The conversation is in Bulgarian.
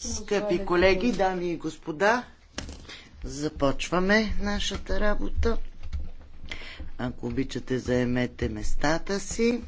Скъпи колеги, дами и господа, започваме нашата работа. Ако обичате, заемете местата си.